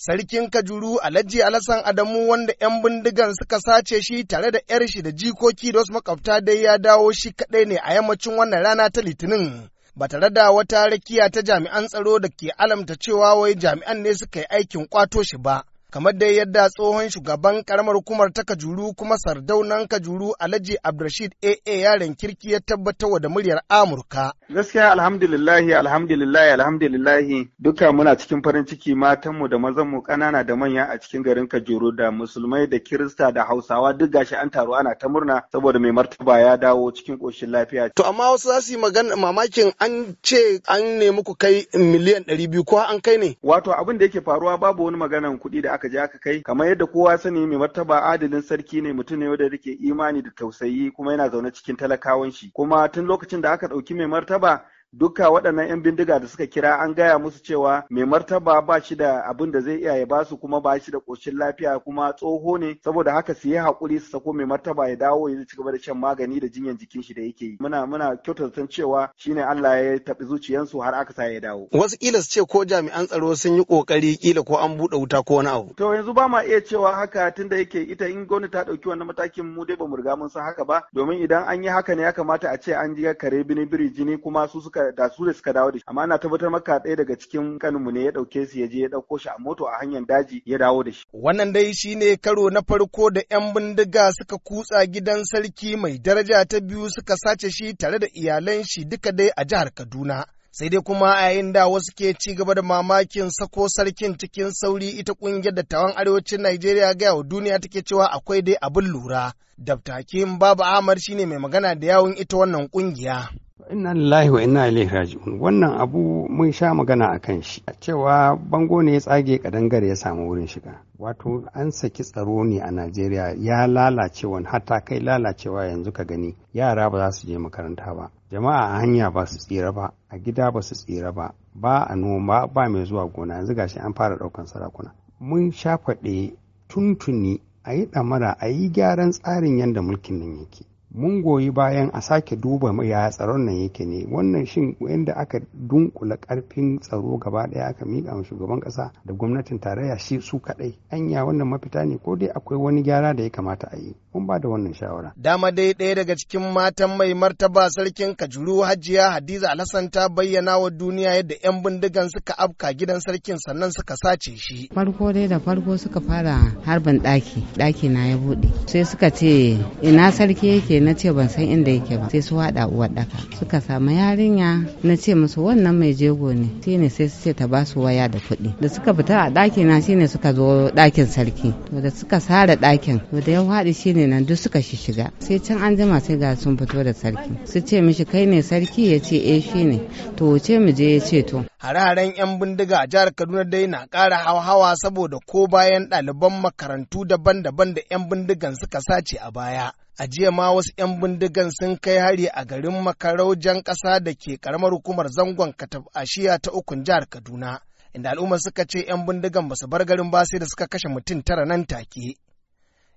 Sarkin Kajuru Alhaji alasan Adamu wanda 'yan bindigan suka sace shi tare da 'yar shi da jikoki da wasu makwabta dai ya dawo shi kaɗai ne a yammacin wannan rana ta Litinin. ba tare da wata rakiya ta jami'an tsaro da ke alamta cewa wai jami'an ne suka yi aikin kwato shi ba. kamar dai yadda tsohon shugaban karamar hukumar ta Kajuru kuma sardaunan Kajuru Alhaji abdurashid AA yaren kirki ya tabbatar da muryar Amurka. Gaskiya alhamdulillahi alhamdulillahi alhamdulillahi duka muna cikin farin ciki matanmu da mazanmu kanana da manya a cikin garin Kajuru da musulmai da kirista da hausawa duk gashi an taru ana ta murna saboda mai martaba ya dawo cikin koshin lafiya. To amma wasu za su yi magana mamakin an ce an nemi ku kai miliyan ɗari biyu ko an kai ne? Wato abin da yake faruwa babu wani maganan kuɗi da aka je aka kai kamar yadda kowa sani mai martaba adalin sarki ne mutum ne wanda yake imani da tausayi kuma yana zaune cikin talakawan shi kuma tun lokacin da aka ɗauki mai martaba duka waɗannan 'yan bindiga da suka kira an gaya musu cewa mai martaba ba shi da abin da zai iya ya basu kuma ba shi da ƙoshin lafiya kuma tsoho ne saboda haka su yi haƙuri su sako mai martaba ya dawo ya ci gaba da shan magani da jinyar jikin shi da yake yi muna muna kyautata cewa shine Allah ya taɓi zuciyansu har aka sa ya dawo wasu kila su ce ko jami'an tsaro sun yi ƙoƙari kila ko an buɗe wuta ko wani abu to yanzu ba ma iya cewa haka tunda yake ita in gwamnati ta ɗauki wannan matakin mu dai mu riga mun san haka ba domin idan an yi haka ne ya kamata a ce an ji kare bini biri jini kuma su suka suka da su da suka dawo da shi amma ana tabbatar maka ɗaya daga cikin mu ne ya ɗauke su ya je ya ɗauko shi a moto a hanyar daji ya dawo da shi. Wannan dai shine karo na farko da 'yan bindiga suka kutsa gidan sarki mai daraja ta biyu suka sace shi tare da iyalan shi duka dai a jihar Kaduna. sai dai kuma a yayin da wasu ke ci gaba da mamakin sako sarkin cikin sauri ita kungiyar tawan arewacin Najeriya gaya wa duniya take cewa akwai dai abin lura. Dabtakin Baba Ahmad shine mai magana da yawun ita wannan kungiya. inna lillahi wa inna ilaihi raji'un wannan abu mun sha magana a kan shi cewa bango ne ya tsage kadangare ya samu wurin shiga wato an saki tsaro ne a najeriya ya lalace wani hatta kai lalacewa yanzu ka gani yara ba za su je makaranta ba jama'a a hanya ba su tsira ba a gida ba su tsira ba ba a noma ba mai zuwa gona yanzu gashi an fara daukan sarakuna mun sha faɗe tuntuni a yi ɗamara a yi gyaran tsarin yadda mulkin nan yake mun goyi bayan a sake duba ya tsaron nan yake ne wannan shin yadda aka dunkula karfin tsaro gaba daya aka miƙa wa shugaban kasa da gwamnatin tarayya shi su kadai anya wannan mafita ne ko dai akwai wani gyara da ya kamata a yi mun ba da wannan shawara dama dai ɗaya daga cikin matan mai martaba sarkin kajuru hajiya hadiza alhassan ta bayyana wa duniya yadda yan bindigan suka afka gidan sarkin sannan suka sace shi farko dai da farko suka fara harbin ɗaki ɗaki na ya buɗe sai suka ce ina sarki yake na ce ban san inda yake ba sai su haɗa uwar ɗaka suka samu yarinya na ce musu wannan mai jego ne shine sai su ce ta ba su waya da kuɗi da suka fita a ɗaki na shine suka zo ɗakin sarki to da suka sare ɗakin to da ya haɗi shine nan duk suka shiga sai can an jima sai ga sun fito da sarki su ce mishi kai ne sarki ya ce eh shine to wuce mu je ya ce to hare-haren 'yan bindiga a jihar kaduna dai na kara hawa saboda ko bayan ɗaliban makarantu daban-daban da 'yan bindigan suka sace a baya a jiya ma wasu 'yan bindigan sun kai hari a garin makaraujan ƙasa da ke ƙaramar hukumar zangon katab ashiya ta ukun jihar kaduna inda al'umma suka ce 'yan bindigan ba su bar garin ba sai da suka kashe mutum tara nan take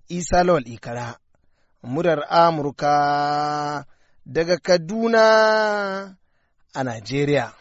isa lawal ikara murar amurka daga kaduna a najeriya